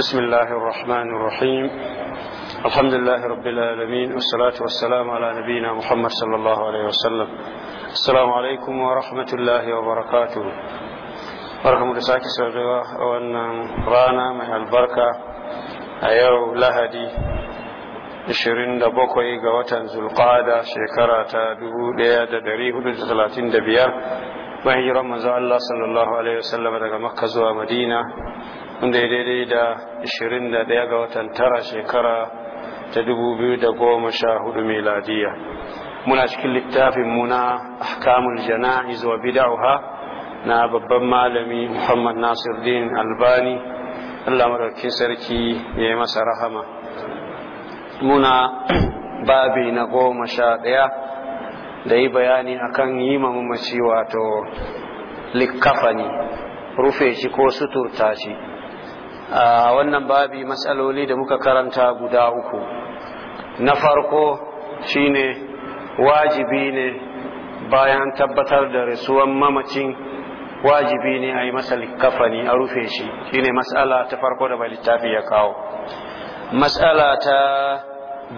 بسم الله الرحمن الرحيم الحمد لله رب العالمين والصلاة والسلام على نبينا محمد صلى الله عليه وسلم السلام عليكم ورحمة الله وبركاته بركم رساك سرقوا وأن رانا من البركة أيو لهدي ishirin da bakwai ga watan zulqada shekara ta dubu ɗaya da ɗari hudu da talatin da biyar bayan hijiran manzo Allah sallallahu alaihi wasallam daga Makka zuwa Madina wanda ya daidai da 21 ga watan tara shekara ta 2014 miladiya muna cikin littafin muna ahkamul jana'iz wa bid'aha na babban malami Muhammad Nasir Nasiruddin Albani Allah madaukakin sarki ya yi masa rahama muna babi na goma sha ɗaya da yi bayani akan yi mamaci wato likafani, rufe shi ko suturta shi a wannan babi matsaloli da muka karanta guda uku na farko shine wajibi ne bayan tabbatar da rasuwan mamacin wajibi ne a yi masa kafani a rufe shi shine matsala ta farko da bai littafi ya kawo matsala ta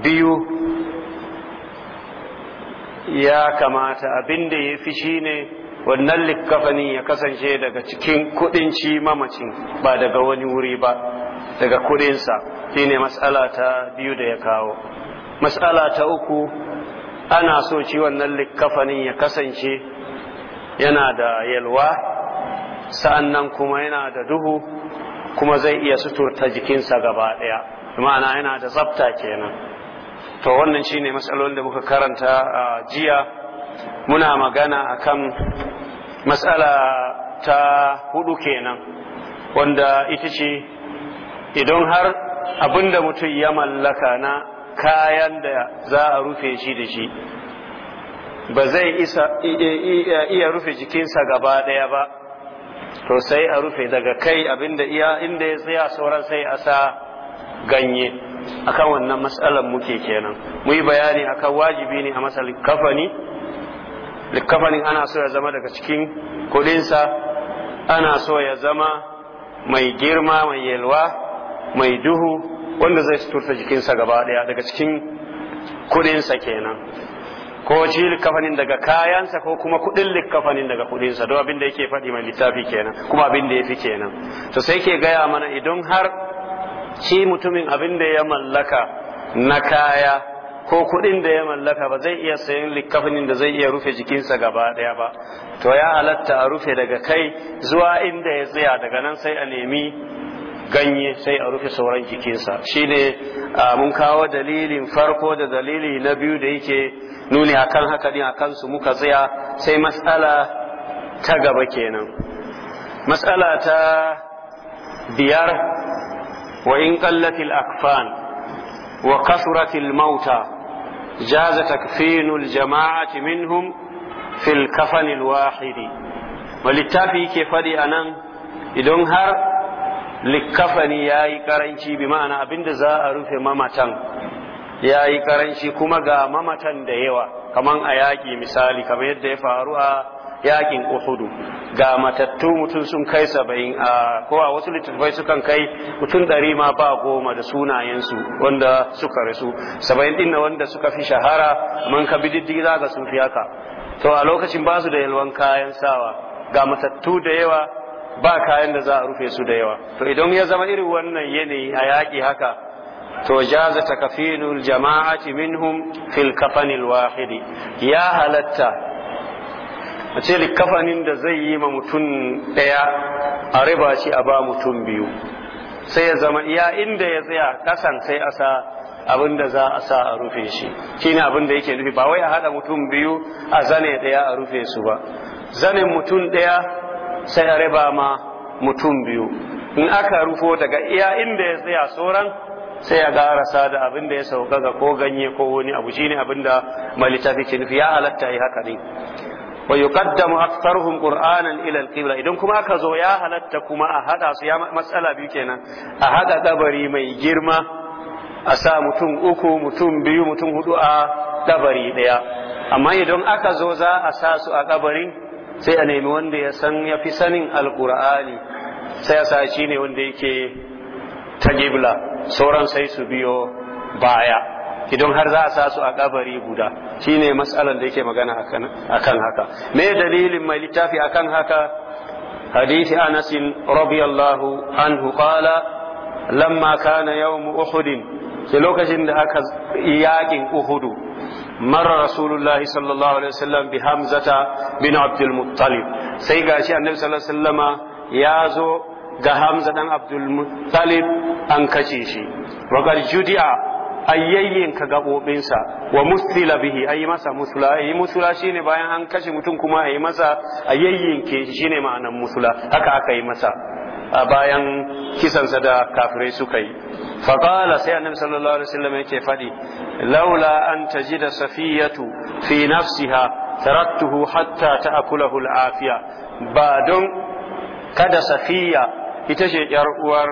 biyu ya kamata abinda da ya fi shine ne wannan likafani ya kasance daga cikin kudin ci mamacin ba daga wani wuri ba daga kudinsa shine mas'ala ta biyu da ya kawo mas'ala ta uku ana so ci wannan likafani ya kasance yana da yalwa sa'annan kuma yana da duhu kuma zai iya suturta jikinsa gaba ɗaya ma'ana yana da tsafta kenan to wannan shine matsalolin da muka karanta a jiya muna magana akan matsala ta hudu kenan wanda ita ce idan har abinda mutum ya mallaka na kayan da za a rufe shi da shi ba zai iya rufe jikinsa gaba ɗaya ba to sai a rufe daga kai abinda iya inda ya tsaya sauran sai a sa ganye akan wannan matsalar muke kenan mu yi bayani akan wajibi ne a matsalin kafani Likafanin ana so ya zama daga cikin kudinsa ana so ya zama mai girma mai yalwa mai duhu wanda zai suturta jikinsa gaba daya daga cikin kudinsa kenan ko ci likafanin daga kayansa ko kuma kudin likafanin daga kudinsa don abin da yake faɗi mai littafi kenan kuma abin da ya fi kenan to sai ke gaya mana idan har shi mutumin abin da ya mallaka na kaya ko kuɗin da ya mallaka ba zai iya sayan likkafanin da zai iya rufe jikinsa gaba ɗaya ba to ya halatta a rufe daga kai zuwa inda ya tsaya daga nan sai a nemi ganye sai a rufe sauran jikinsa shine mun kawo dalilin farko da dalili na biyu da yake nuni akan haka din akan su muka tsaya sai matsala ta gaba kenan matsala ta biyar wa in qallatil akfan wa kasuratil mauta Jaza جاز تكفين الجماعة منهم في الكفن الواحد وللتافي كيف أنا إذن هر likafani ya yi karanci bi ma'ana da za a rufe mamatan ya yi karanci kuma ga mamatan da yawa kaman a yaƙi misali kamar yadda ya faru a yakin uhudu ga matattu mutum sun kai saba'in a ko wasu littattafai sukan kai mutum ɗari ma ba goma da sunayensu wanda suka rasu saba'in ɗin wanda suka fi shahara man ka bididdigi za ga sun fi haka to a lokacin ba su da yalwan kayan sawa ga matattu da yawa ba kayan da za a rufe su da yawa to idan ya zama irin wannan yanayi a yaƙi haka to jaza takafinul jama'ati minhum fil kafanil wahidi ya halatta a ce likafanin da zai yi ma mutum ɗaya a riba shi a ba mutum biyu sai ya zama iya inda ya tsaya kasan sai a sa abin da za a sa a rufe shi shine abin da yake nufi ba wai a haɗa mutum biyu a zane ɗaya a rufe su ba zanen mutum ɗaya sai a riba ma mutum biyu in aka rufo daga iya inda ya tsaya sauran sai ya garasa da abin da ya sauka ga ko ganye ko wani abu shine abin da mai littafi ke nufi ya halatta yi haka ne wa yuqaddamu aktharuhum qur'anan ila al-qibla idan kuma aka zo ya halatta kuma a hada su ya matsala biyu kenan a hada kabari mai girma a sa mutum uku mutum biyu mutum hudu a kabari daya amma idan aka zo za a sa su a kabarin sai a nemi wanda ya san ya fi sanin alqur'ani sai a sa shi ne wanda yake ta qibla sauran sai su biyo baya idan har za a sa su a kabari guda shine mas'alan da yake magana akan haka me dalilin mai littafi akan haka hadisi Anas radiyallahu anhu qala lamma kana yawm Uhud sai lokacin da aka yakin Uhud مر رسول الله صلى الله عليه وسلم بحمزة بن عبد المطلب سيقاشي النبي صلى الله عليه وسلم يازو ga Hamza dan Abdul Muttalib an kace shi wa qad ayyayin ka gabobinsa wa musila bihi ayi masa musula ayi musula shine bayan an kashe mutum kuma ayi masa ayyayin ke shine ma'anan musula haka aka yi masa a bayan kisansa da kafirai suka yi sai annabi sallallahu alaihi wasallam yake fadi safiyatu an tajida safiyatu fi nafsiha tarattuhu hatta ta'kulahu al'afiya ba don kada safiya ita ce yar uwar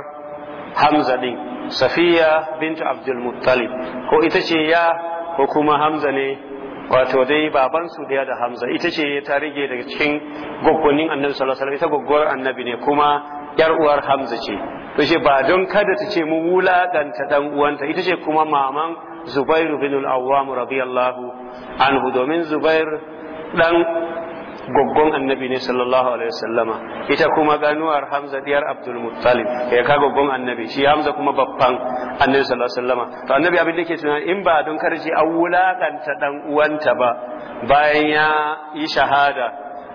hamza din safiya bintu abdulmuttalib ko ita ce ya ko kuma hamza ne wato dai babansu daya da hamza ita ce ta rige daga cikin gwaggwanin annabi sallallahu alaihi wasallam ita gwaggwar annabi ne kuma yar uwar hamza ce to ce ba don kada ta ce mu wulaganta dan uwanta ita ce kuma maman zubairu bin al-awwam radiyallahu anhu domin zubair dan goggon annabi ne sallallahu alaihi wasallama ita kuma ganuwar hamza diyar abdul muttalib ya ka goggon annabi shi hamza kuma babban annabi sallallahu alaihi wasallama to annabi abin da ke tunani in ba don karshe an wulakanta dan uwanta ba bayan ya yi shahada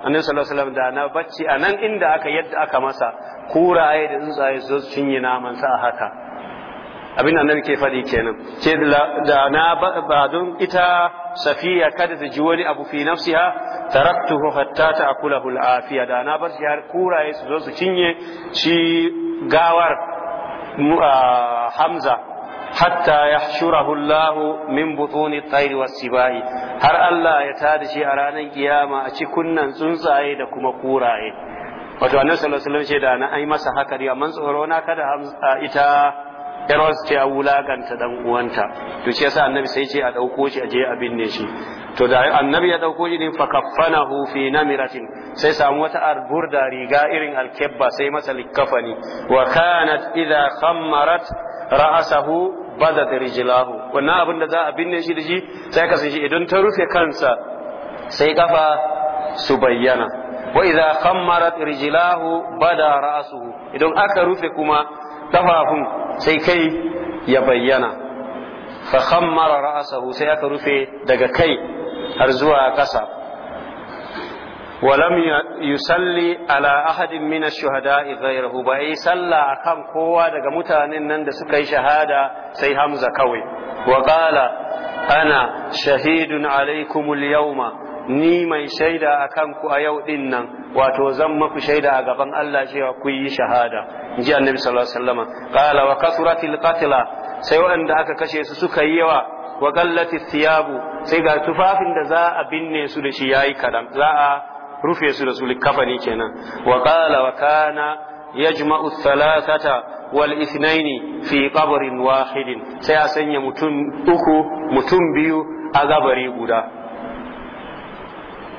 annabi sallallahu alaihi wasallam da na bacci anan inda aka yadda aka masa kura ayi da tsuntsaye su cinye naman sa a haka abin nan ke faɗi kenan ce da na ba don ita safiya kada ta ji wani abu fi nafsiha taraktuhu hatta ta'kulahu al'afiya da na bar shi kuraye su zo su cinye shi gawar hamza hatta yahshurahu Allah min butuni tayr was har Allah ya tada shi a ranar kiyama a cikunnan tsuntsaye da kuma kuraye wato annabi sallallahu alaihi wasallam ce da na ai masa haka amma tsoro na kada ita yar wasu ce a wulakanta dan uwanta to shi yasa annabi sai ce a dauko shi a je a binne shi to da annabi ya dauko shi din fa kaffanahu fi namiratin sai samu wata da riga irin alkebba sai masa likafani wa kanat idha khammarat ra'asahu badat rijlahu wannan abin da za a binne shi da shi sai ka shi idan ta rufe kansa sai kafa su bayyana wa idha khammarat rijlahu bada ra'asuhu idan aka rufe kuma kafafun sai kai ya bayyana fa khammara ra'sahu sai aka rufe daga kai har zuwa ƙasa wa lam salli ala ahadin min ash-shuhada ghayrihi ba sallah a kan kowa daga mutanen nan da suka yi shahada sai Hamza kawai wa ana shahidun alaykum al-yawma ni mai shaida a ku a yau din nan wato zan maku shaida a gaban Allah cewa ku yi shahada ji annabi sallallahu alaihi wasallam qala wa kasratil qatla sai waɗanda aka kashe su suka yi yawa wa qallati thiyabu sai ga tufafin da za a binne su da shi yayi kadan za a rufe su da su likafani kenan wa qala wa kana yajma'u thalathata wal ithnaini fi qabrin wahidin sai a sanya mutum uku mutum biyu a gabari guda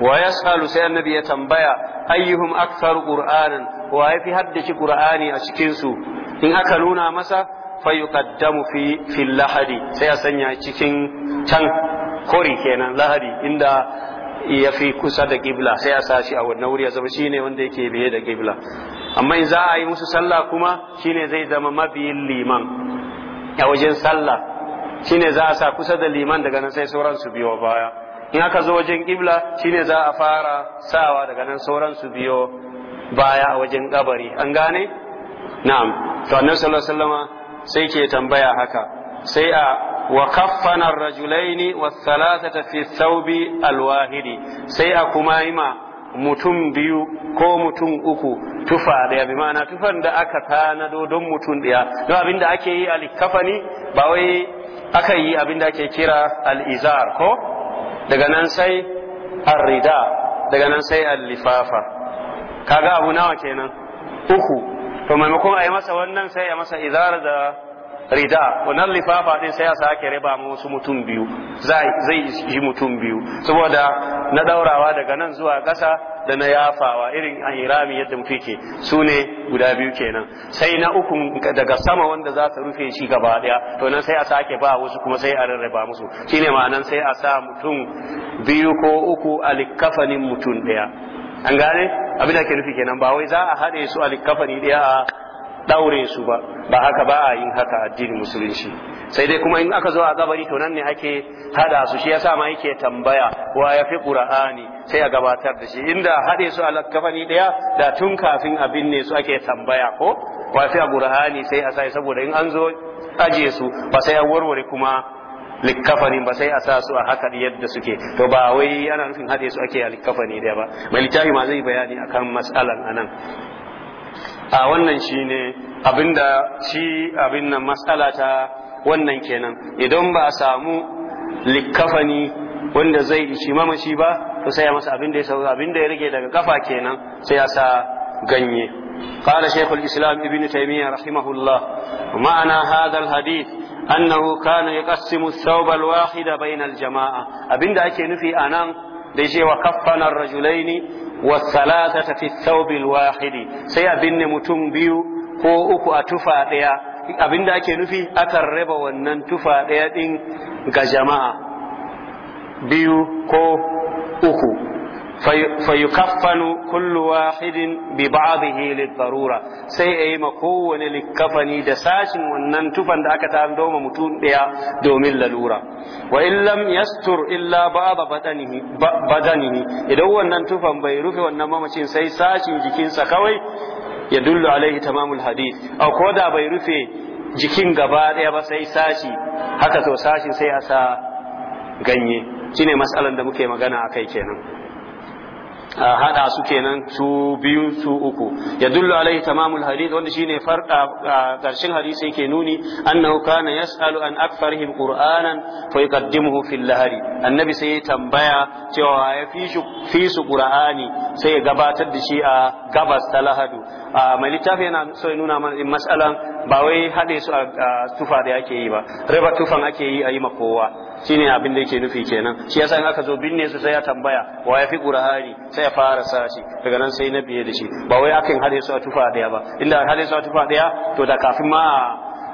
wa yas'alu sai annabi ya tambaya ayyuhum aktharu qur'anan wa yafi haddace qur'ani a cikin su in aka nuna masa fayuqaddamu fi fil lahadi sai ya sanya cikin can kori kenan lahadi inda ya fi kusa da gibla sai ya sashi a wannan wuri ya zama shine wanda yake biye da gibla amma in za a yi musu sallah kuma shine zai zama mabiyin liman a wajen sallah shine za a sa kusa da liman daga nan sai sauran su biyo baya in aka zo wajen ƙibla shine za a fara sawa daga nan sauran su biyo baya a wajen kabari an gane na'am to annabi sallallahu alaihi wasallama sai ke tambaya haka sai a wa kaffana rajulaini thalathata fi thawbi alwahidi sai a kuma yima mutum biyu ko mutum uku tufa daya bi ma'ana tufan da aka tanado don mutum daya don abin da ake yi a likafani ba wai aka yi abin da ake kira al-izar ko daga nan sai arrida daga nan sai allifafa kaga abu nawa kenan uku to maimakon a yi masa wannan sai a masa izar da rida wannan lifafa din sai a sake riba mu wasu mutum biyu zai yi mutum biyu saboda na daurawa daga nan zuwa ƙasa da na yafawa irin a irami yadda muke fike su ne guda biyu kenan sai na uku daga sama wanda za su rufe shi gaba daya to nan sai a sake ba wasu kuma sai a rarraba musu shine ma'anan sai a sa mutum biyu ko uku a mutum daya an gane abin da ke nufi kenan ba wai za a haɗe su a likkafani daya a daure su ba ba haka ba a yin haka addini musulunci sai dai kuma in aka zo a kabari to nan ne ake hada su shi yasa ma yake tambaya wa ya fi qur'ani sai a gabatar da shi inda hade su a kafani daya da tun kafin a binne su ake tambaya ko wa fi qur'ani sai a sai saboda in an zo aje su ba sai an warware kuma likafani ba sai a sa su a haka yadda suke to ba wai ana nufin hade su ake a likafani daya ba mai littafi ma zai bayani akan mas'alan anan a wannan shine abinda shi abin nan matsala ta wannan kenan idan ba a samu likkafani wanda zai ishi mamaci ba to sai ya masa abin da ya sauka abin da ya rage daga kafa kenan sai ya sa ganye قال شيخ الإسلام ابن تيمية رحمه الله معنى هذا الحديث أنه كان يقسم الثوب الواحد بين الجماعة أبين دا أكي نفي أنام ديشي وكفنا الرجلين fi والثلاثة wahidi sai a binne mutum biyu ko uku a tufa ɗaya abinda ake nufi akan raba wannan tufa ɗaya ɗin ga jama'a biyu ko uku fayukaffanu kullu wahidin bi ba'dihi lid-darura sai ayi ma kowane likafani da sashin wannan tufan da aka tando ma mutum daya domin lalura wa in lam yastur illa ba'da badanihi badanihi idan wannan tufan bai rufe wannan mamacin sai sashin jikinsa kawai ya dullu alaihi tamamul hadith aw da bai rufe jikin gaba daya ba sai sashi haka to sashin sai a sa ganye shine mas'alan da muke magana akai kenan hada su kenan su biyu su uku ya dullu alaihi tamamul hadith wanda shine farka karshen hadisi yake nuni annahu kana yasalu an aktharihim qur'anan fa yuqaddimuhu fil lahari annabi sai ya tambaya cewa ya fi shi fi su qur'ani sai ya gabatar da shi a gabas ta lahadu mai littafi yana so ya nuna mana mas'alan ba wai haɗe su a tufa da ake yi ba raba tufan ake yi a yi ma kowa shine abin da yake nufi kenan shi yasa in aka zo binne su sai ya tambaya wa ya fi qur'ani sai ya fara sashi daga nan sai na biye da shi ba wai akan haɗe su a tufa ɗaya ba inda haɗe su a tufa daya to da kafin ma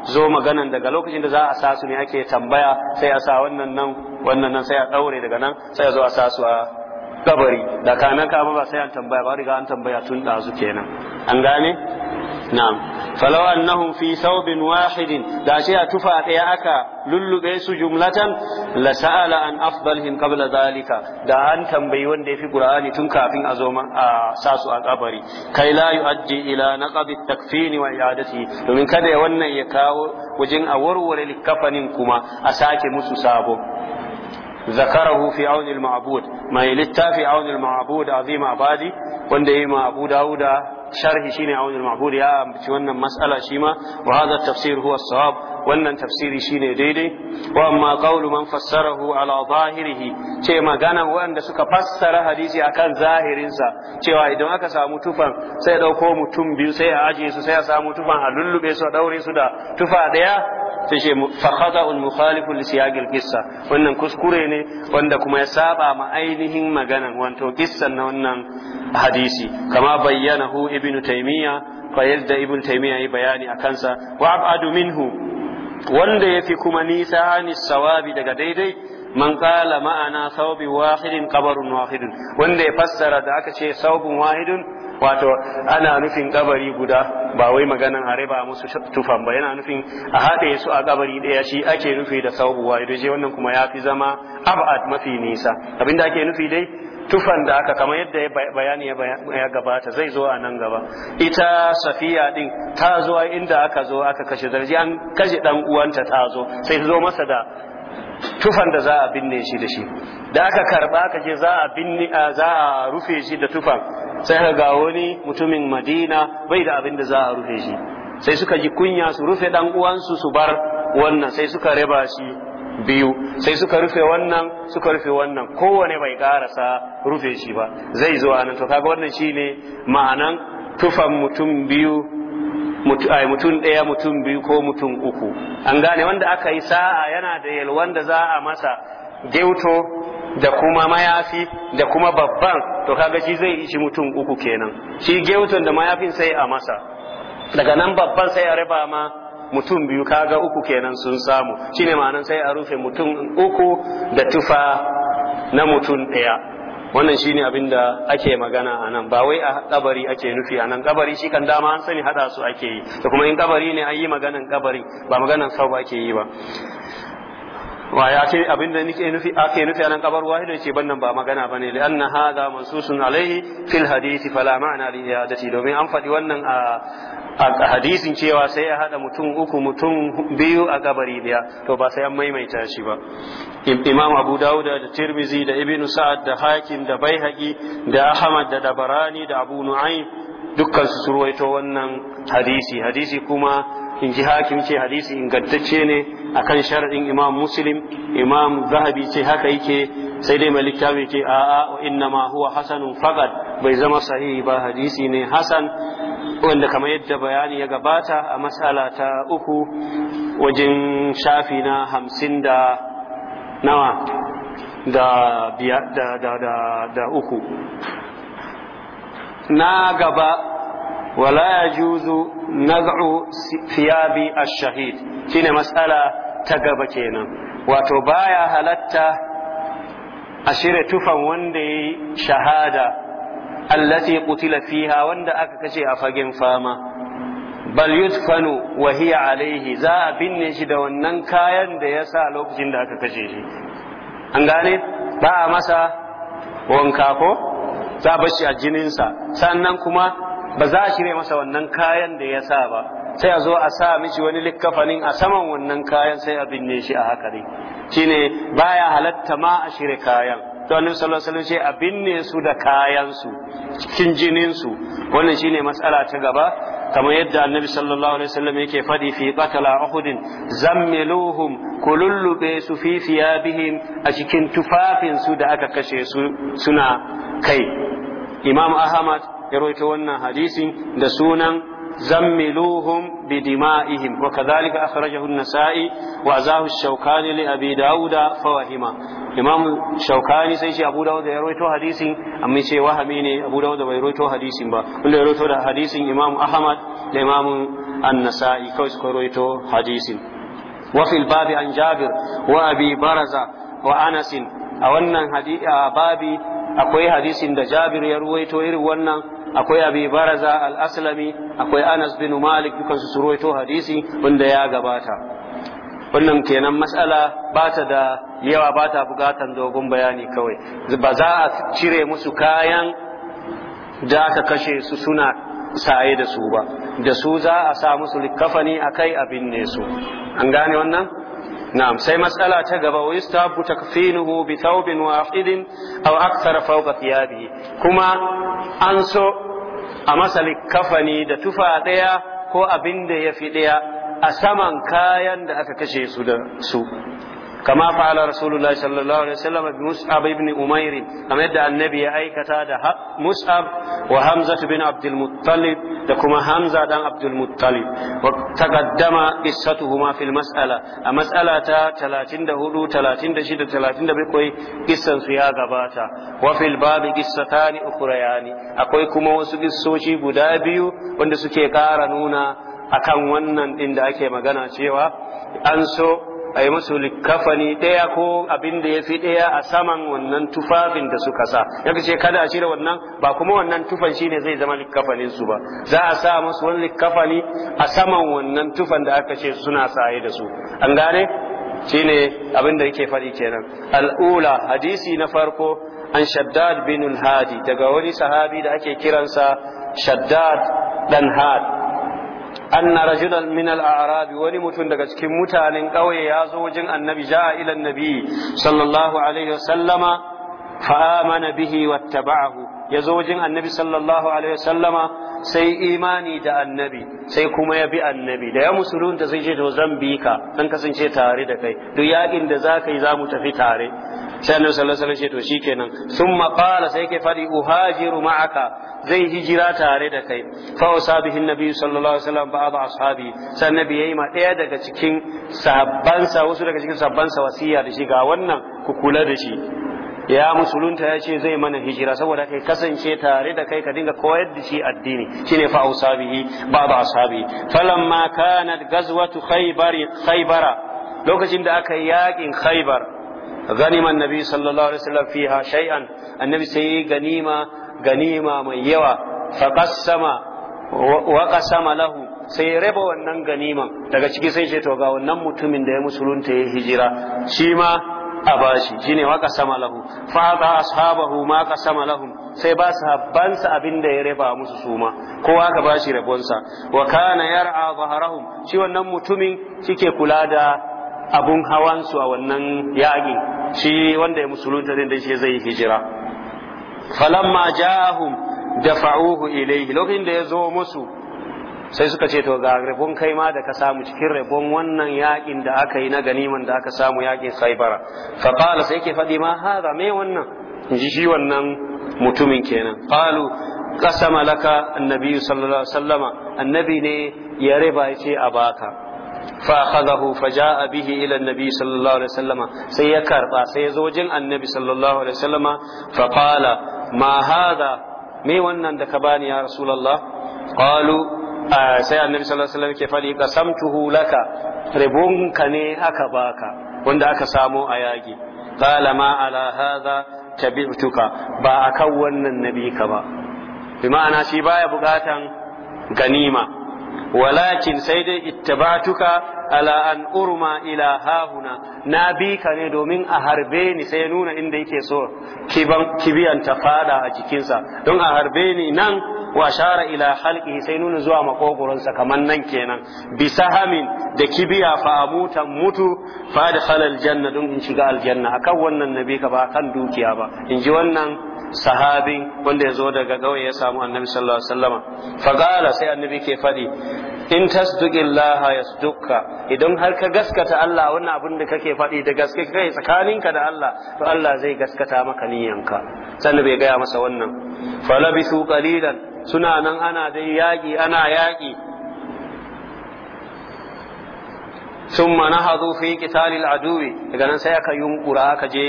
zo maganan daga lokacin da za a sasu ne ake tambaya sai a sa wannan nan wannan nan sai a daure daga nan sai a zo a sasu a kabari da kanan ka ba sai an tambaya ba riga an tambaya tun ɗazu kenan an gane na'am falau annahum fi thawbin wahidin da shi a tufa ɗaya aka lulluɓe su jumlatan la la'an an afdalhim qabla zalika da an tambayi wanda ya fi qur'ani tun kafin a zo a sasu su a kabari kai layu, yu'addi ila naqdi takfini wa i'adati domin kada ya wannan ya kawo wajen a warware likafanin kuma a sake musu sabo ذكره في عون المعبود ما يلتا في عون المعبود عظيم عبادي وندي معبود أودا sharhi shine aun al-ma'bud ya ambaci wannan mas'ala shi ma wa hadha tafsir huwa as-sawab wannan tafsiri shine daidai wa amma qawlu man fassarahu ala zahirihi ce magana wanda suka fassara hadisi akan zahirinsa cewa idan aka samu tufan sai dauko mutum biyu sai a aje su sai a samu tufan a lullube su a daure su da tufa daya sai ce fa khata'un mukhalifun li siyaqil qissa wannan kuskure ne wanda kuma ya saba ma ainihin maganan wanto kissan na wannan hadisi kama bayyanahu ibnu taymiya fa yadda ibnu taymiya yi bayani akan sa wa abadu minhu wanda yafi kuma nisa anis sawabi daga daidai man qala ma'ana sawbi wahidin qabrun wahidun wanda ya fassara da aka ce sawbun wahidun wato ana nufin kabari guda ba wai maganan a ba musu tufan ba yana nufin a haɗe su a kabari ɗaya shi ake nufi da saubu idan je wannan kuma ya fi zama ab'ad mafi nisa abinda ake nufi dai tufan da aka kama yadda bayani ya gabata zai zo a nan gaba ita safiya din ta zo inda aka zo aka kashe darji an kashe dan uwanta ta zo sai ta zo masa da tufan da za a binne shi da shi da aka karba aka ce za a rufe shi da tufan sai ka ga wani mutumin madina bai da abin da za a rufe shi sai suka ji kunya su rufe dan uwansu su bar wannan sai suka raba shi biyu sai suka rufe wannan suka rufe wannan kowane bai karasa rufe shi ba zai zo anan to kaga wannan shine ma'anan tufan mutum biyu mutum ɗaya mutum biyu ko mutum uku an gane wanda aka yi sa'a yana da yalwan da za a masa geuto da kuma mayafi da kuma babban to kaga shi zai ishi mutum uku kenan shi geutun da mayafin sai a masa daga nan babban sai a raba ma mutum biyu kaga uku kenan sun samu shine ma'anan sai a rufe mutum uku da tufa na mutum ɗaya wannan ne abin da ake magana a nan ba wai a kabari ake nufi a nan kabari shi kan dama an sani hada su ake yi da kuma in kabari ne an yi maganan kabari ba maganan sau ake yi ba wa ya ce abinda nake nufi ake nufi anan kabar wahido ce bannan ba magana bane li anna hadha mansusun alaihi fil hadisi fala ma'ana li iyadati domin an faɗi wannan a hadisin cewa sai ya hada mutum uku mutum biyu a kabari daya to ba sai an maimaita shi ba imam abu dawud da tirmizi da ibnu sa'ad da hakim da baihaqi da ahmad da dabarani da abu nu'aim dukkan su surwaito wannan hadisi hadisi kuma in ji hakim ce hadisi ingantacce ne akan sharadin imam muslim imam zahabi ce haka yake sai dai mai littafi ce a a wa inna ma huwa hasanun fagad bai zama sahihi ba hadisi ne hasan wanda kamar yadda bayani ya gabata a matsala ta uku wajen shafi na hamsin da nawa da, da, da, da uku na gaba Wala ya a shahid ولا يجوز نزع ثياب الشهيد شنو مسألة تقبكينا وتبايا هلتا أشير تفا وندي شهادة التي قتل فيها aka kashe a فاما fama. yudfanu Fanu Wahiya alaihi za a binne shi da wannan kayan da ya sa lokacin da aka kashe shi an gane ba a masa wanka ko za a shi a jininsa sannan kuma ba za a shirya masa wannan kayan da ya sa ba sai a zo a sa mishi wani likkafanin a saman wannan kayan sai a binne shi a haka dai shine baya halatta ma a shirya kayan to annabi sallallahu alaihi wasallam a binne su da kayan su cikin jinin su wannan shine matsala ta gaba kamar yadda annabi sallallahu alaihi wasallam yake fadi fi qatala uhudin zammiluhum kulullube su fi thiyabihim a cikin tufafin su da aka kashe su suna kai imam ahmad ya wannan hadisin da sunan zammiluhum bi dima'ihim wa kadhalika akhrajahu an-nasa'i wa azahu ash-shawkani li abi dauda fa wahima imam sai shi abu dauda ya roito hadisin amma sai wahami ne abu dauda bai roito hadisin ba inda ya roito da hadisin imam ahmad imam an-nasa'i kai su roito hadisin wa fil an jabir wa abi baraza wa anas a wannan hadisi akwai hadisin da jabir ya ruwaito irin wannan akwai abi baraza al-aslami akwai anas bin malik dukansu su ruwaito hadisi wanda ya gabata wannan kenan matsala ba ta da yawa ba ta bukatan dogon bayani kawai ba za a cire musu kayan da aka kashe su suna saye da su ba da su za a sa musu likafani kai abin ne su an gane wannan na'am sai matsala ta gaba wa yustabu takfinuhu bi thawbin wahidin aw akthara fawqa thiyabihi kuma an so a masalik kafani da tufa daya ko abinda da yafi daya a saman kayan da aka kashe su da su kama fa'ala rasulullahi sallallahu alaihi wasallam bi mus'ab ibn umair kamar yadda annabi ya aikata da mus'ab wa hamza bin abdul da kuma hamza dan abdul muttalib wa taqaddama qissatuhuma mas'ala a mas'ala ta 34 36 37 qissan su ya gabata wa fil babi qissatani akwai kuma wasu qissoci guda biyu wanda suke kara nuna akan wannan din da ake magana cewa an so a yi musu likafani ɗaya ko abin da ya fi ɗaya a saman wannan tufafin da suka sa Yanka ce kada a shirya wannan ba kuma wannan tufan shine zai zama likafanin su ba za a sa musu wani likafani a saman wannan tufan da aka ce suna saye da su an gane shine abin da yake faɗi kenan al'ula hadisi na farko an shaddad bin hadi daga wani sahabi da ake kiransa shaddad dan hadi. anna rajulan min al-a'rab wani mutum daga cikin mutanen ƙauye ya zo wajen annabi ja'a ila annabi sallallahu alaihi wasallama fa amana bihi wattaba'ahu ya zo wajen annabi sallallahu alaihi wasallama sai imani da annabi sai kuma ya bi annabi da ya musulunta zai ce to zan bi ka dan kasance tare da kai duk yakin da za yi za mu tafi tare sai annabi sallallahu alaihi wasallam to shikenan thumma qala sai yake fadi uhajiru ma'aka zai hijira tare da kai fa usabihi annabi sallallahu alaihi wasallam ba'd ashabi sai annabi yayi ma daya daga cikin sahabbansa wasu daga cikin sahabbansa wasiya da shi ga wannan ku kula da shi ya musulunta ya ce zai mana hijira saboda kai kasance tare da kai ka dinga koyar da shi addini shine fa usabihi babu ashabi falamma kanat gazwatu khaybar khaybara lokacin da aka yi yakin khaybar ganima annabi sallallahu alaihi wasallam fiha shay'an annabi sai ganima ganima mai yawa fa qassama wa qasama lahu sai raba wannan ganiman daga ciki sai ce to ga wannan mutumin da ya musulunta ya hijira shi ma a bashi shine wa qasama lahu fa ba ashabahu ma qasama lahum sai ba sahabbansa abin da ya raba musu suma kowa ka bashi rabonsa wa kana yar'a zaharahum shi wannan mutumin shi ke kula da abun su a wannan yaƙin shi wanda ya musulunta din da shi zai hijira falamma ja'ahum dafa'uhu ilayhi lokacin da ya zo musu sai suka ce to ga rabon kai ma da ka samu cikin rabon wannan yakin da aka yi na ganiman da aka samu yakin saibara fa qala sai yake faɗi ma hada me wannan ji shi wannan mutumin kenan qalu qasama laka annabi sallallahu alaihi wasallama annabi ne ya riba yace a baka فأخذه فجاء به إلى النبي صلى الله عليه وسلم سيكر سيزوجن النبي صلى الله عليه وسلم فقال ما هذا مي ونن دكباني يا رسول الله قالوا آه سي النبي صلى الله عليه وسلم كيف قسمته لك ربونك ني أكباك wanda aka samo a yaƙi qala ma ala hadha tabi'tuka ba akan wannan nabi ka ba bi ma'ana shi baya bukatan ganima walakin sai dai ittabatuka ala an urma ila hahuna na bi ne domin a harbe ni sai nuna inda yake so kibiyan ta fada a jikinsa don a harbe ni nan wa shara ila halqihi sai nuna zuwa makogoronsa kamar nan kenan bi sahamin da kibiya fa amuta mutu fa da halal janna don in shiga aljanna akan wannan nabi ka ba kan dukiya ba in ji wannan sahabi wanda ya zo daga gauye ya samu annabi sallallahu alaihi wasallama faqala sai annabi ke faɗi, in tasdiqillaha yasdukka idan har ka gaskata Allah wannan abin da kake faɗi da gaske kai tsakaninka da Allah to Allah zai gaskata maka niyyanka sannan bai gaya masa wannan falabithu qalilan suna nan ana dai yaƙi ana yaƙi summa nahadu fi qitalil aduwi daga nan sai aka yunkura aka je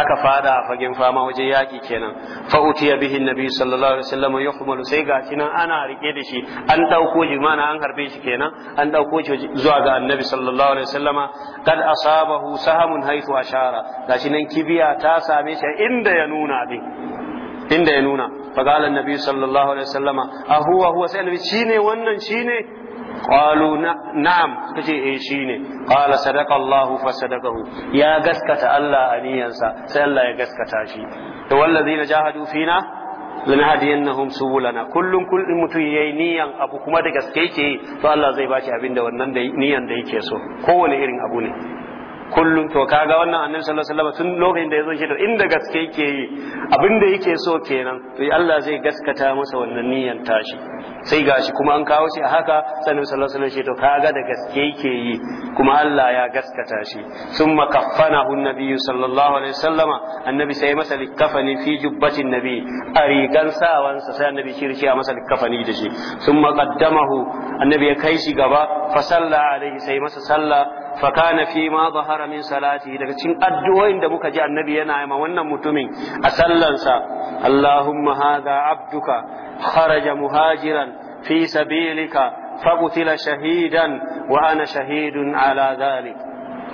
aka fada a fagen fama waje yaki kenan fa utiya bihi nabi sallallahu alaihi wasallam yuhmalu sai ga shi nan ana rike da shi an dauko shi mana an harbe shi kenan an ɗauko shi zuwa ga annabi sallallahu alaihi wasallama kad asabahu sahamun haythu shara. gashi nan kibiya ta same shi inda ya nuna din inda ya nuna fa qala annabi sallallahu alaihi wasallama wannan qalu na'am suka ce eh shine qala sadaqa Allahu fa sadaqahu ya gaskata Allah aniyansa sai Allah ya gaskata shi to na jahadu fina lanahdiyannahum subulana kullun kullu mutum yayi niyan abu kuma da gaske yake to Allah zai bashi abin da niyan da yake so kowane irin abu ne kullum to kaga wannan annabi sallallahu alaihi wasallam tun lokacin da ya zo shi to inda gaske yake yi abin da yake so kenan to Allah zai gaskata masa wannan niyyar tashi sai gashi kuma an kawo shi a haka sannan sallallahu alaihi wasallam shi to kaga da gaske yake yi kuma Allah ya gaskata shi summa kaffanahu annabi sallallahu alaihi wasallama annabi sai masa likafani fi jubbatin nabi a rigan sawansa sai annabi shi a masa likafani da shi summa qaddamahu annabi ya kai shi gaba fa salla alaihi sai masa sallah fa kana fi ma zahara min salati daga cikin addu'o'in da muka ji annabi yana yi ma wannan mutumin a sallansa Allahumma hadha abduka kharaja muhajiran fi sabilika faqutila shahidan wa ana shahidun ala dhalik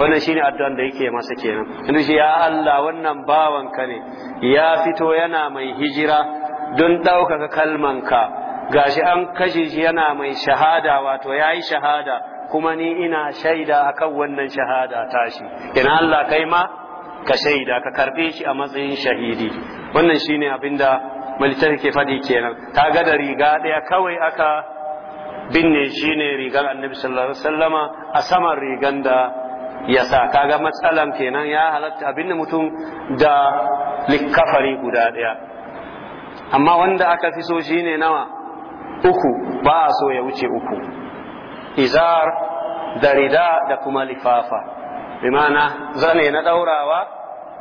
wannan shine addu'an da yake masa kenan yanzu shi ya Allah wannan bawanka ne ya fito yana mai hijira don ɗaukaka kalmanka gashi an kashe shi yana mai shahada wato yayi shahada kuma ni ina shaida akan wannan shahada tashi ina Allah kai ma ka shaida ka karbe shi a matsayin shahidi wannan shine abinda malitar ke faɗi kenan ta ga da riga ɗaya kawai aka binne shine rigar annabi sallallahu alaihi wasallama a saman rigan da ya sa kaga matsalan kenan ya halatta abin da mutum da likafari guda ɗaya amma wanda aka fi so shine nawa uku ba a so ya wuce uku izar da rida da kuma lifafa bimana zane na daurawa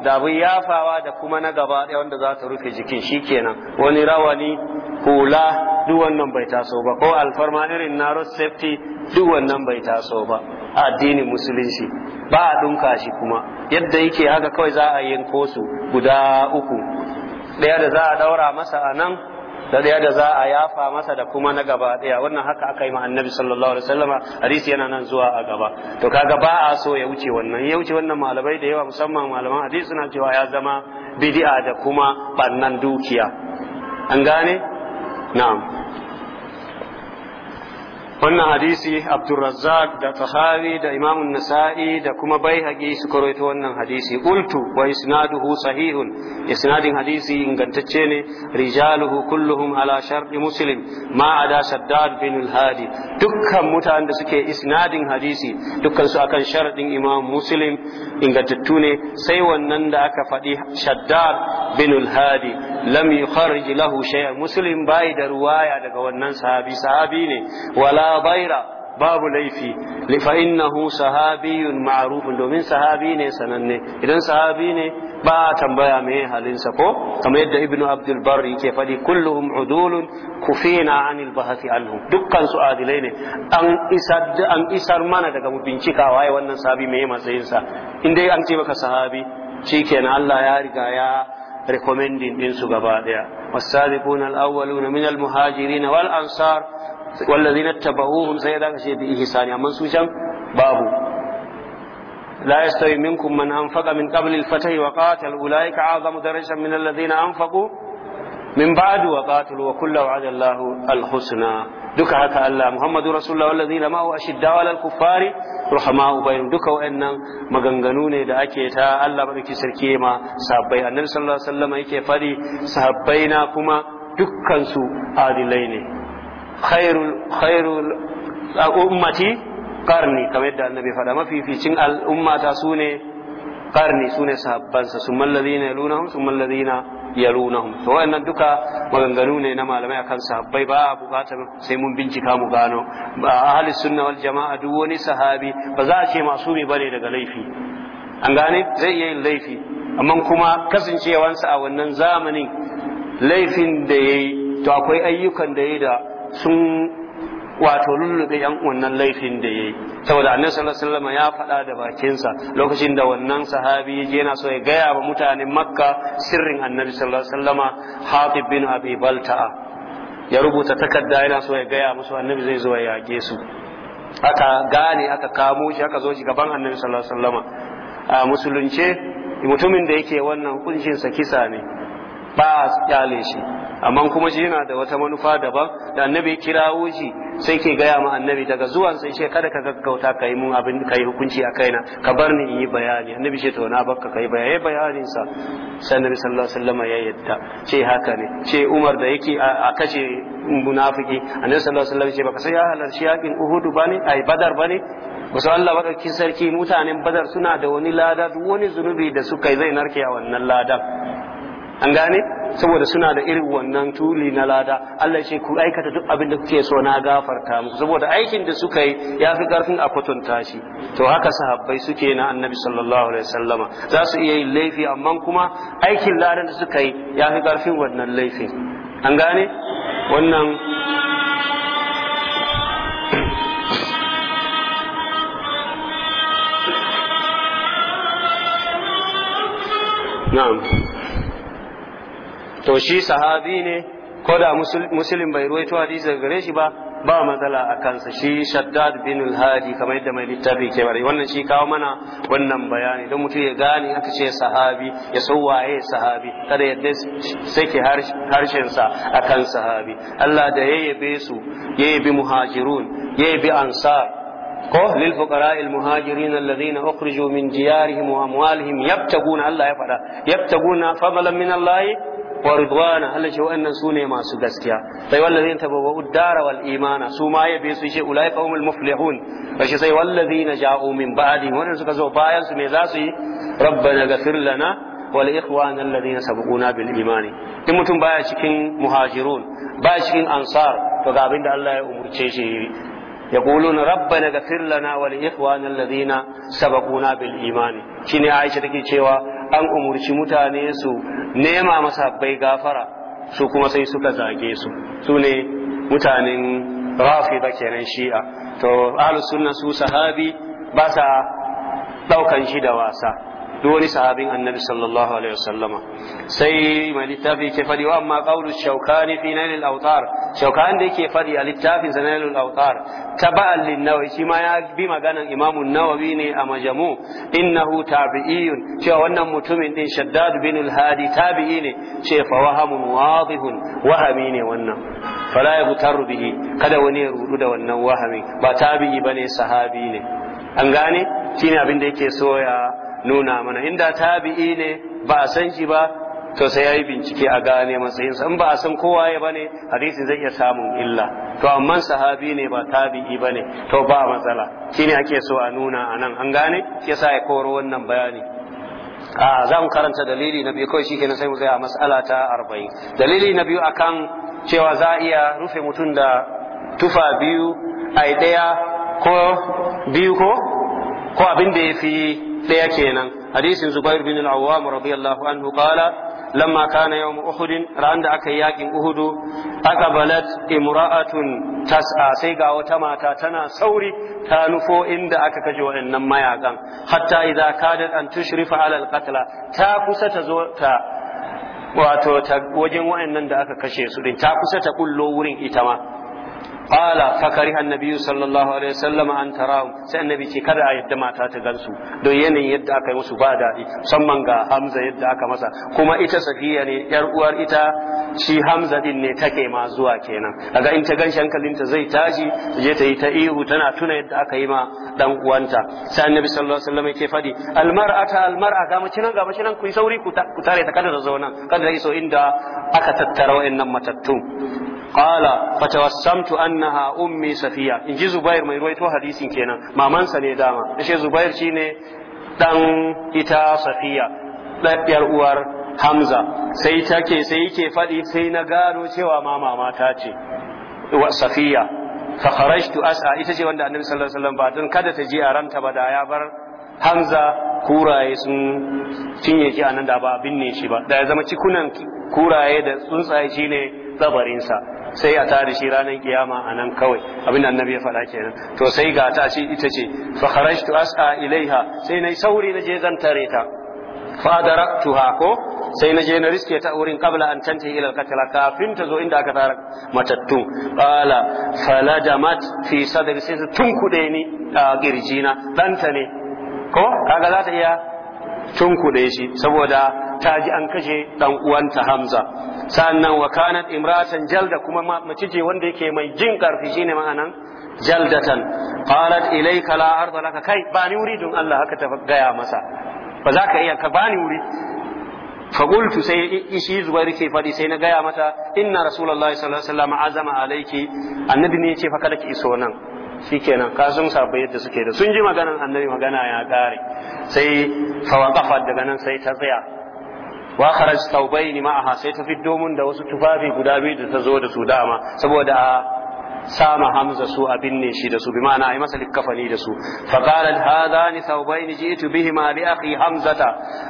da abin yafawa da kuma na gaba ɗaya wanda za ta rufe jikin shi kenan wani rawani hula duk wannan bai taso ba ko alfarma irin na road safety duk wannan bai taso ba a addinin musulunci ba a dunka shi kuma yadda yake haka kawai za a yanko su guda uku ɗaya da za a ɗaura masa a nan na ɗaya da za a yafa masa da kuma na gaba daya wannan haka aka yi ma annabi sallallahu alaihi wasallama hadisi yana nan zuwa a gaba to kaga ba a so ya wuce wannan ya wuce wannan malamai da yawa musamman malaman hadisi suna cewa ya zama bid'a da kuma bannan dukiya an gane na'am wannan hadisi abdurrazzaq da tahawi da imam nasa'i da kuma haƙi su karoito wannan hadisi ultu wa isnaduhu sahihun isnadin hadisi ingantacce ne rijaluhu kulluhum ala shar'i muslim ma ada shaddad bin hadi dukkan mutanen da suke isnadin hadisi dukkan su akan sharɗin imam muslim ingantattu ne sai wannan da aka faɗi shaddad bin hadi lam yukharrij lahu shay'a muslim bai da ruwaya daga wannan sahabi sahabi ne wala la baira babu laifi fa innahu sahabiyun ma'rufun domin sahabi ne sananne idan sahabi ne ba'a tambaya me halinsa ko kamar yadda ibnu abdul barri faɗi kullum kulluhum udulun kufina anil bahati anhum dukkan su adilai ne an isar mana daga mu bincika waye wannan sahabi me matsayin sa in dai an ce maka sahabi shikenan Allah ya riga ya recommending din su gaba daya was-sabiquna al-awwaluna min wal-ansar wallazina tabahuhum sai da kace bi ihsani amma su can babu la yastawi minkum man anfaqa min qabli al-fath wa qatal ulaika a'zamu darajatan min alladhina anfaqu min ba'du wa qatalu wa kullu wa'ada Allah al-husna duka haka Allah Muhammadu Rasulullah wallazina ma'u ashiddaw 'ala al-kuffari rahamau bainahum duka wayannan maganganu ne da ake ta Allah barki sarki ma sahabbai annabi sallallahu alaihi wasallam yake fadi sahabbaina kuma dukkan su adilai ne khairul khairul uh, ummati qarni kamar yadda annabi faɗa mafificin al'ummata sune qarni sune sahabbansa summa alladhina yalunahum summa alladhina yalunahum to wannan duka maganganu ne na malamai akan sahabbai ba bukatar sai mun bincika mu gano ahli sunna wal jama'a duk wani sahabi ba za a ce ba bane daga laifi an gane zai iya yin laifi amma kuma kasancewansa a wannan zamanin laifin da yayi to akwai ayyukan da yayi da sun wato lullube yan wannan laifin da yayi saboda annabi sallallahu alaihi wasallam ya faɗa da bakinsa lokacin da wannan sahabi je yana so ya gaya wa mutanen makka sirrin annabi sallallahu alaihi wasallam hatib bin abi balta'a ya rubuta takarda yana so ya gaya musu annabi zai zo ya yage su aka gane aka kamo shi aka zo shi gaban annabi sallallahu alaihi wasallam a musulunce mutumin da yake wannan sa kisa ne ba su kyale shi amma kuma shi yana da wata manufa daban da annabi ya kirawo shi sai ke gaya ma annabi daga zuwan sai ce kada ka gaggauta ka yi mun abin ka yi hukunci a kaina ka bar ni in yi bayani annabi ce to na ka kai bayani bayanin sa sai annabi sallallahu alaihi wasallam ya yadda ce haka ne ce Umar da yake a kashe munafiki annabi sallallahu alaihi wasallam ce baka sai ya halarci yakin Uhud bane ai Badar bane wasu Allah madaukakin sarki mutanen Badar suna da wani lada wani zunubi da suka yi zai narke a wannan ladan an gane saboda suna da irin wannan tuli na lada Allah ce ku aikata duk abin da kuke so na gafarta muku saboda aikin da suka yi ya fi karfin a kwatanta shi to haka sahabbai suke na annabi sallallahu alaihi wasallama za su iya yin laifi amma kuma aikin ladan da suka yi ya fi karfin wannan laifin an gane wannan na'am to shi sahabi ne ko da musulun bai ruwaito hadisi daga gare shi ba ba matsala a kansa shi shaddad bin al-hadi kamar yadda mai littafi ke bari wannan shi kawo mana wannan bayani don mutum ya gane aka ce sahabi ya san waye sahabi kada ya sake harshensa akan sahabi Allah da ya su ya yabi muhajirun ya ansar ko lil fuqara al muhajirin alladhina ukhriju min diyarihim wa amwalihim yabtaguna Allah ya fada yabtaguna fadlan min Allah wa ridwana Allah ce wa'annan sune masu gaskiya sai wallazina tabawwa'u ad-dara wal imana su ma yabe su ce ulaika humul muflihun kashi sai wallazina ja'u min ba'di wannan suka zo bayan su me za su yi rabbana ghafir lana wal ikhwan alladhina sabaquna bil imani in mutum baya cikin muhajirun baya cikin ansar to ga abinda Allah ya umurce shi يقولون ربنا اغفر لنا ولإخواننا الذين سبقونا بالإيمان Aisha عائشة تكي cewa an umurci mutane su nema masa bai gafara su kuma sai suka zage su su ne mutanen ba kenan shi'a to ahlus sunna su sahabi ba sa daukan shi da wasa duk wani sahabin annabi sallallahu alaihi wasallama sai mai littafi ke faɗi wa amma qawlu shaukani fi nailil awtar shaukan da yake faɗi a littafin sa nailil awtar taba'an lin ma ya bi maganan imamu nawawi ne a majamu innahu tabi'iyun cewa wannan mutumin din shaddad bin al-hadi tabi'i ne ce fa wahamun wadihun wahami ne wannan fala yaghtaru bihi kada wani ya rudu da wannan wahami ba tabi'i bane sahabi ne an gane ne abin da yake soya. nuna mana inda tabi'i ne ba a san shi ba to sai yayi bincike a gane matsayin san ba a san kowa ya bane hadisin zai iya samun illa to amma sahabi ne ba tabi'i bane to ba matsala shine ake so a nuna anan an gane shi yasa ya koro wannan bayani a za mu karanta dalili na biyu kawai na sai mu tsaya mas'ala ta arba'in dalili na biyu akan cewa za a iya rufe mutum da tufa biyu a ɗaya ko biyu ko ko abin da ya fi daya kenan hadisin zubair bin al-awwam radiyallahu anhu kala lamma kana yawm uhud ra'an da aka yakin uhud balat imra'atun tas'a sai ga wata mata tana sauri ta nufo inda aka kaje wannan mayakan hatta idza kadat an tushrifa ala al-qatla ta kusa ta zo ta wato wajen wayannan da aka kashe su din ta kusa ta kullo wurin ita ma qala fa kariha annabi sallallahu alaihi wasallam an tarahu sai annabi ce kada a yadda mata ta gansu don yanayin yadda aka yi musu ba daɗi musamman ga Hamza yadda aka masa kuma ita Safiya ne yar uwar ita shi Hamza din ne take ma zuwa kenan kaga in ta ganshi hankalinta zai tashi je ta yi ta ihu tana tuna yadda aka yi ma dan uwanta sai annabi sallallahu alaihi wasallam yake fadi almar'ata almar'a ga mace nan ga mace nan ku yi sauri ku tare ta kada ta zo nan kada ta iso inda aka tattara wayannan matattu qala fatawassamtu annaha ummi safiya in zubair mai ruwaito hadisin kenan mamansa ne dama ashe zubair shine dan ita uwar hamza sai take sai faɗi sai na gano cewa ma mama ta ce wanda annabi ba don kada ta ji a ranta ba da ya bar hamza kuraye sun cinye shi anan da ba binne shi ba da ya kuraye da tsuntsaye shine gabarinsa sai a tare shi ranar kiyama a nan kawai abin annabi ya faɗa kenan to sai ga ta ce ita ce fa kharajtu as'a ilaiha sai nayi sauri na je zan tare ta fa daraktuha ko sai na je na riske ta wurin kabla an tanta ila alqatla kafin ta zo inda aka tara matattu qala faladamat fi sadri sai ta tunkude ni a girjina danta ne ko kaga za ta iya tunkude shi saboda ta ji an kashe dan uwanta Hamza sannan wa kanat imratan jalda kuma mace ce wanda yake mai jin karfi shine ma'anan jaldatan qalat ilayka la arda laka kai ba ni wuri don Allah haka ta gaya masa ba za ka iya ka ba ni wuri Fa qultu sai ishi كي فدي سي sai na gaya mata inna rasulullahi sallallahu alaihi wasallam azama alayki Annabi ne yace fa kada ki iso nan shikenan ka sun sabai yadda suke da sun ji maganan annabi magana ya kare sai fa waqafa daga nan sai ta tsaya wa kharaj tawbayn ma'aha sai ta fito mun da wasu tufafi guda biyu da ta zo da su dama saboda sama hamza su a binne shi da su bi ma'ana ai masa likafani da su fa qala hadani thawbayn ji'tu bihima li akhi hamzata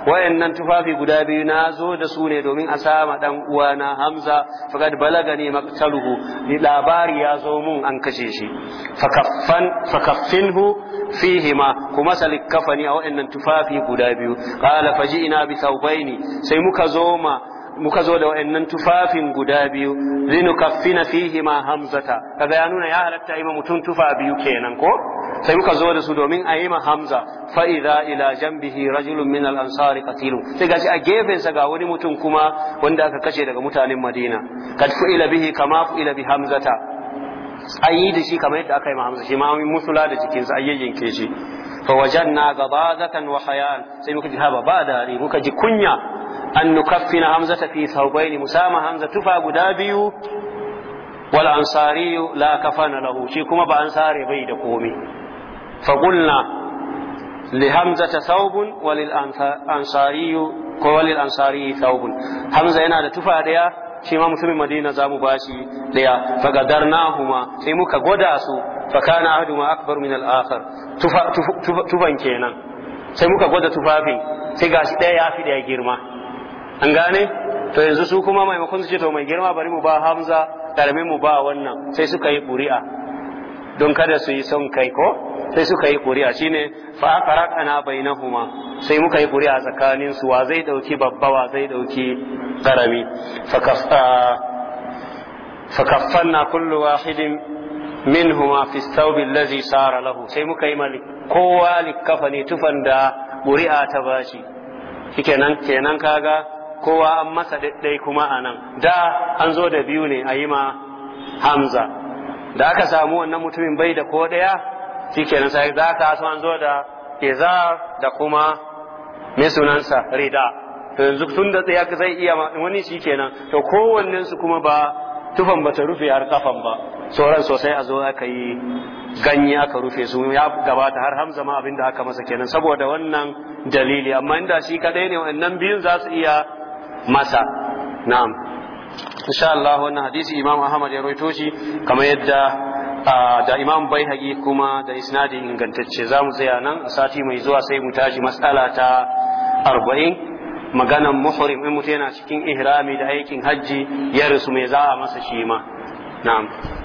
wayannan tufafi guda biyu na zo da su ne domin a sama dan uwana hamza faqad balagani maqtaluhu ni labari ya zo mun an kashe shi fakaffan fakaffinhu fihima kuma salikafani a wayannan tufafi guda biyu qala faji'na bi thawbayn sai muka zo ma muka zo da wa'annan tufafin guda biyu linukaffina fihi ma hamzata kaga ya nuna ya halatta yi mutum tufa biyu kenan ko sai muka zo da su domin a yi ma hamza fa idza ila janbihi rajulun min al ansari qatilu sai gashi a gefen sa ga wani mutum kuma wanda aka kashe daga mutanen Madina kad fu'ila bihi kama fu'ila bi hamzata ayi da shi kamar yadda aka yi ma hamza shi ma musula da jikinsa ke shi sai muka ji haba ba هابا muka ji kunya. an nukaffina hamzata fi thawbayn musama hamza tufa guda biyu wal ansari la kafana lahu shi kuma ba ansari bai da komai fa qulna li hamzata thawbun wa lil ansari ko lil ansari thawbun hamza yana da tufa daya shi mutumin madina zamu bashi daya fa gadarnahuma sai muka gwada su tufan kenan sai muka gwada tufafin sai gashi daya yafi daya girma an gane to yanzu su kuma maimakon su ce to mai girma bari mu ba hamza karami mu ba wannan sai suka yi ƙuri'a don kada su yi son kai ko sai suka yi ƙuri'a shine fa faraqana bainahuma sai muka yi ƙuri'a tsakanin su wa zai dauki babba wa zai dauki karami fa kaffanna kullu wahidin minhuma fi thawbi allazi sara lahu sai muka yi mali kowa likkafa ne tufan da ƙuri'a ta bashi shikenan kenan kaga kowa an masa daidai kuma a nan da an zo da biyu ne a yi ma hamza da aka samu wannan mutumin bai da ko ɗaya shi kenan sai za ka so an zo da za da kuma mai sunansa rida to yanzu tun da tsaya zai iya wani shi kenan to su kuma ba tufan ba ta rufe har kafan ba sauran sosai a zo aka yi ganye aka rufe su ya gabata har hamza ma abin da aka masa kenan saboda wannan dalili amma inda shi kadai ne wannan biyun za su iya masa na'am insha Allah wannan hadisi Imam Ahmad ya rawaito shi kamar yadda da imam baihaqi kuma da isnadi ingantacce zamu tsaya nan a sati mai zuwa sai mu tashi matsala ta arba'in maganan muhrim in mutum yana cikin ihrami da aikin hajji ya mai za a masa shi ma na'am